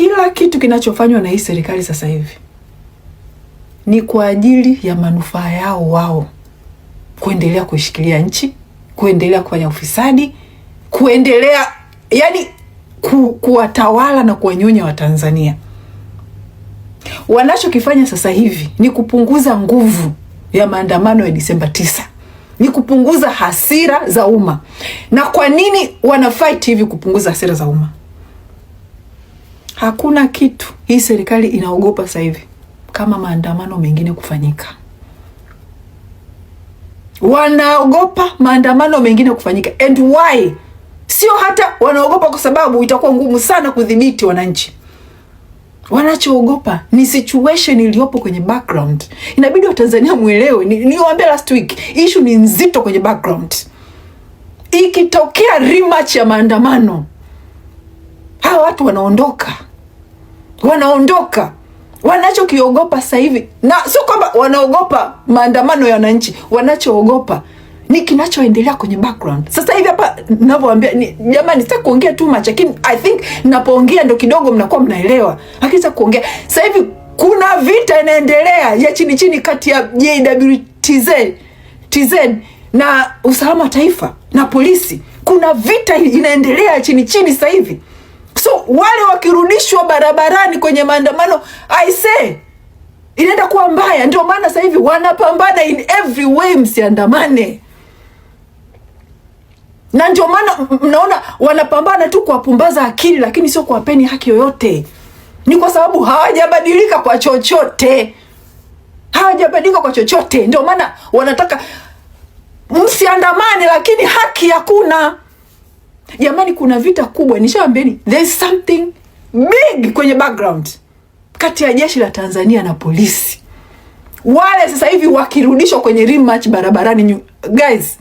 kila kitu kinachofanywa na hii serikali sasa hivi ni kwa ajili ya manufaa yao wao, kuendelea kuishikilia nchi, kuendelea kufanya ufisadi, kuendelea yani ku, kuwatawala na kuwanyonya Watanzania. Wanachokifanya sasa hivi ni kupunguza nguvu ya maandamano ya Disemba tisa, ni kupunguza hasira za umma. Na kwa nini wanafight hivi kupunguza hasira za umma? Hakuna kitu hii serikali inaogopa sasa hivi kama maandamano mengine kufanyika. Wanaogopa maandamano mengine kufanyika, and why? Sio hata wanaogopa kwa sababu itakuwa ngumu sana kudhibiti wananchi. Wanachoogopa ni situation iliyopo kwenye background. Inabidi Watanzania mwelewe, niwaambia ni last week, issue ni nzito kwenye background. Ikitokea rematch ya maandamano, hawa watu wanaondoka wanaondoka wanachokiogopa sasa hivi, na sio kwamba wanaogopa maandamano ya wananchi, wanachoogopa ni kinachoendelea kwenye background sasa hivi hapa ninavyowaambia. Ni Jamani, sitaki kuongea too much, lakini I think ninapoongea ndo kidogo mnakuwa mnaelewa, lakini sitaki kuongea sasa hivi. Kuna vita inaendelea ya chini chini kati ya JWTZ TZ na usalama wa taifa na polisi. Kuna vita inaendelea chini chini sasa hivi. So wale wakirudishwa barabarani kwenye maandamano, I inaenda kuwa mbaya. Ndio maana sasa hivi wanapambana in every way, msiandamane na ndio maana mnaona wanapambana tu kuwapumbaza akili, lakini sio kuwapeni haki yoyote. Ni kwa sababu hawajabadilika kwa chochote, hawajabadilika kwa chochote. Ndio maana wanataka msiandamane, lakini haki hakuna. Jamani, kuna vita kubwa, nishawambieni there's something big kwenye background kati ya jeshi la Tanzania na polisi. Wale sasa hivi wakirudishwa kwenye rematch barabarani, guys,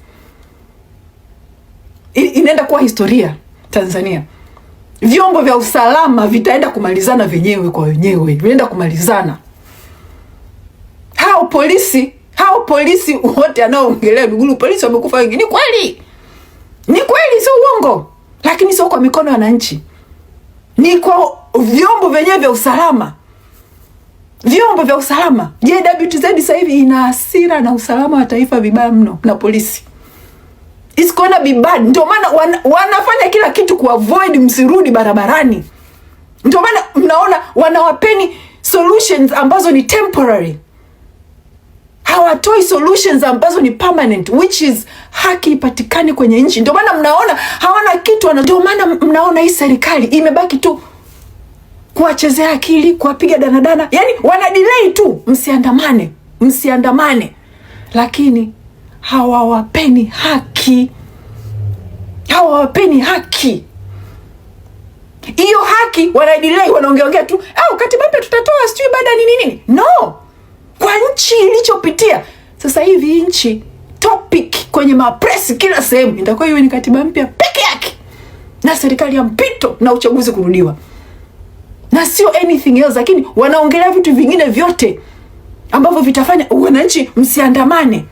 inaenda kuwa historia Tanzania. Vyombo vya usalama vitaenda kumalizana vyenyewe kwa wenyewe, vinaenda kumalizana hao polisi, hao polisi wote anaoongelea Mwigulu, polisi wamekufa wengi, ni kweli ni kweli, sio uongo, lakini sio kwa mikono ya wananchi, ni kwa vyombo vyenyewe vya usalama. Vyombo vya usalama, JWTZ sasa hivi ina hasira na usalama wa taifa vibaya mno, na polisi is gonna be bad. Ndio maana wan, wanafanya kila kitu kuavoid msirudi barabarani. Ndio maana mnaona wanawapeni solutions ambazo ni temporary hawatoi solutions ambazo ni permanent, which is haki ipatikani kwenye nchi. Ndio maana mnaona hawana kitu, ndio maana mnaona hii serikali imebaki tu kuwachezea akili, kuwapiga danadana, yani wana delay tu, msiandamane, msiandamane, lakini hawawapeni haki, hawawapeni haki hiyo haki, wana delay, wanaongeongea tu au ah, katiba mpya tutatoa, sijui baada nini nini, no kwa nchi ilichopitia. Sasa hivi nchi topic kwenye mapresi kila sehemu itakuwa iwe ni katiba mpya peke yake na serikali ya mpito na uchaguzi kurudiwa, na sio anything else, lakini wanaongelea vitu vingine vyote ambavyo vitafanya wananchi msiandamane,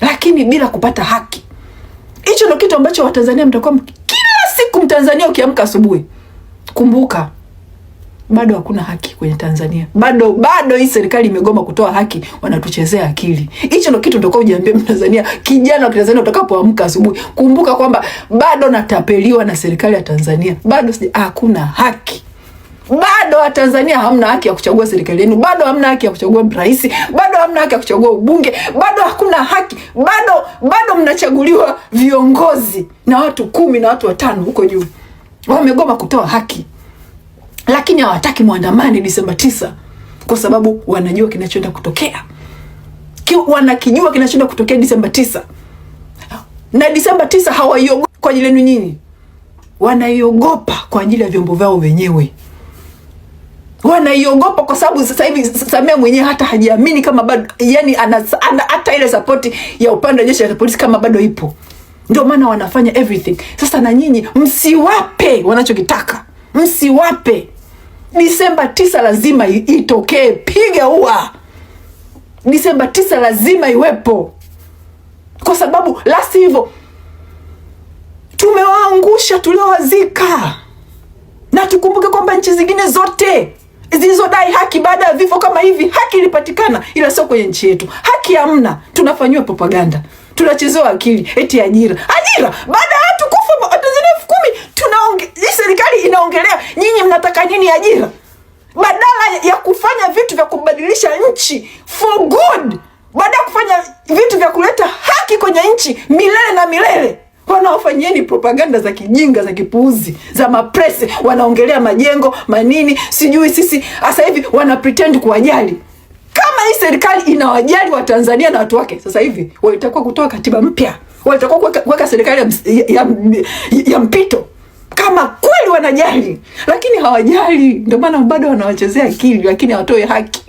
lakini bila kupata haki. Hicho ndio kitu ambacho Watanzania mtakuwa kila siku, Mtanzania ukiamka asubuhi, kumbuka bado hakuna haki kwenye Tanzania, bado bado hii serikali imegoma kutoa haki, wanatuchezea akili. Hicho ndo kitu ndoka ujiambie Mtanzania, kijana wa Kitanzania utakapoamka asubuhi, kumbuka kwamba bado natapeliwa na serikali ya Tanzania, bado hakuna haki bado Watanzania hamna haki ya kuchagua serikali yenu, bado hamna haki ya kuchagua rais, bado hamna haki ya kuchagua ubunge, bado hakuna haki, bado bado mnachaguliwa viongozi na watu kumi na watu watano huko juu, wamegoma kutoa haki lakini hawataki mwandamane Disemba tisa kwa sababu wanajua kinachoenda kutokea Ki, wanakijua kinachoenda kutokea Disemba tisa na Disemba tisa hawaiogopi kwa ajili yenu nyinyi, wanaiogopa kwa ajili ya vyombo vyao wenyewe wanaiogopa kwa sababu sasa hivi Samia mwenyewe hata hajiamini kama bado, yani ana, ana hata ile sapoti ya upande wa jeshi la polisi kama bado ipo, ndio maana wanafanya everything. Sasa na nyinyi msiwape wanachokitaka, msiwape. Disemba tisa lazima itokee, piga ua. Disemba tisa lazima iwepo, kwa sababu lasi hivyo tumewaangusha tuliowazika, na tukumbuke kwamba nchi zingine zote zilizodai haki baada ya vifo kama hivi, haki ilipatikana, ila sio kwenye nchi yetu. Haki hamna, tunafanyiwa propaganda, tunachezewa akili, eti ajira, ajira baada ya watu kufa serikali inaongelea, nyinyi mnataka nini ajira? Badala ya kufanya vitu vya kubadilisha nchi for good, baada ya kufanya vitu vya kuleta haki kwenye nchi milele na milele, wanaofanyieni propaganda za kijinga za kipuuzi za mapresi, wanaongelea majengo manini, sijui sisi sasa hivi wana pretend kuwajali kama hii serikali inawajali Watanzania na watu wake. Sasa hivi walitakuwa kutoa katiba mpya, walitakuwa kuweka serikali ya, ya, ya, ya mpito kama kweli wanajali, lakini hawajali. Ndio maana bado wanawachezea akili, lakini hawatoi haki.